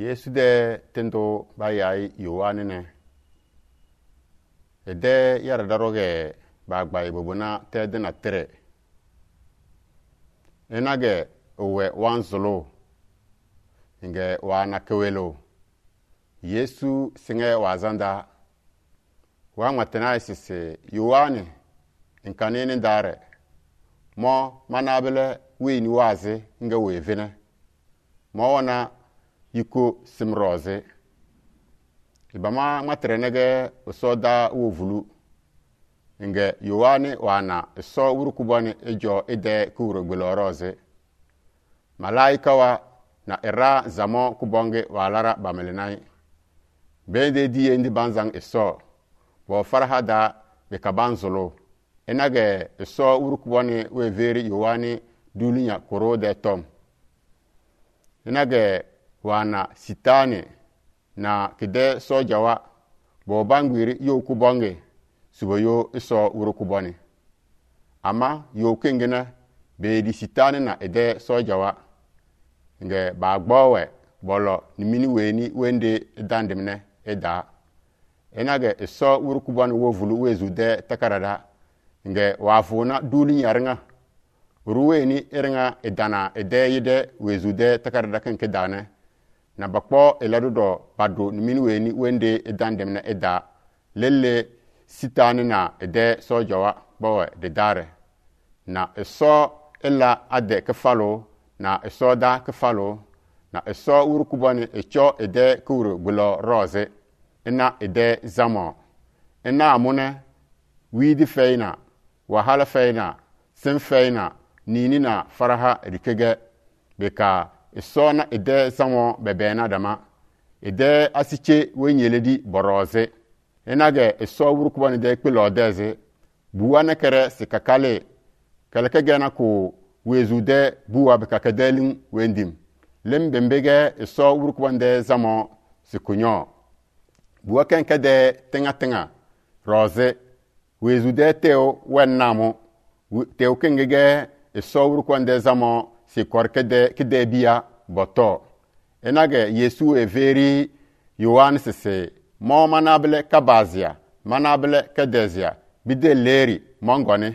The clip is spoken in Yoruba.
yesu de tento ba yai yowane ne ede yara daroge ba gba ibobo na te de na tere enage owe wanzolo nge wa na kewelo yesu singe wa zanda wa ŋmatena sisi yowane nkanene dare mo manabele weni wazi nge wevene mo wana iko simrozi ibama ŋmatrenege iso da wo vulu nge yowani wana iso wurukuboni ijo ide kuwuro gbilorozi malaikawa na ira zamo kubongi walara bamilinai bende diye ndi banzang iso wo faraha da bikaban zulu inage iso wurukuboni we veri yowani duniya koro de tom inage wana sitane na kide sojawa bo bangwiri yo kubonge subo yo iso wuro kubone amma yo kengena beedi sitane na ide sojawa nge ba gbowe bolo nimini weni wende dandimne eda enage iso wuro kubone wo vulu wezu de takarada nge wafuna duli yarnga ruweni irnga edana ede yide wezu de takarada kenke dane na ba kpɔ elɔdodo ba do nimini ni wende edan dem na eda lele sitani na ede sɔjɔwa bɔwɛ dedare na esɔ ela ade kefalo na esɔ da kefalo na esɔ wurukubɔni etsɔ ede kewuro gbolɔ rɔɔzi ena ede zamɔ ena amune wiidi fɛyina wahala fɛyina sen fɛyina niini na faraha rikege e beka isona ide sanwo bebena dama ide asiche wenyeledi boroze enage iso wurukubani de kpilo deze buwa na kere sikakale keleke gena ku wezu de buwa bekake delin wendim lem bembege iso wurukubani de zamo sikunyo buwa kenke de tenga tenga roze wezu de teo wennamu teo kengege iso wurukubani de zamo si kɔr kedebia bɔtɔ enage yesu everi yohan sese mɔ manabele kabazia manabele kedezia bide leri mɔngɔni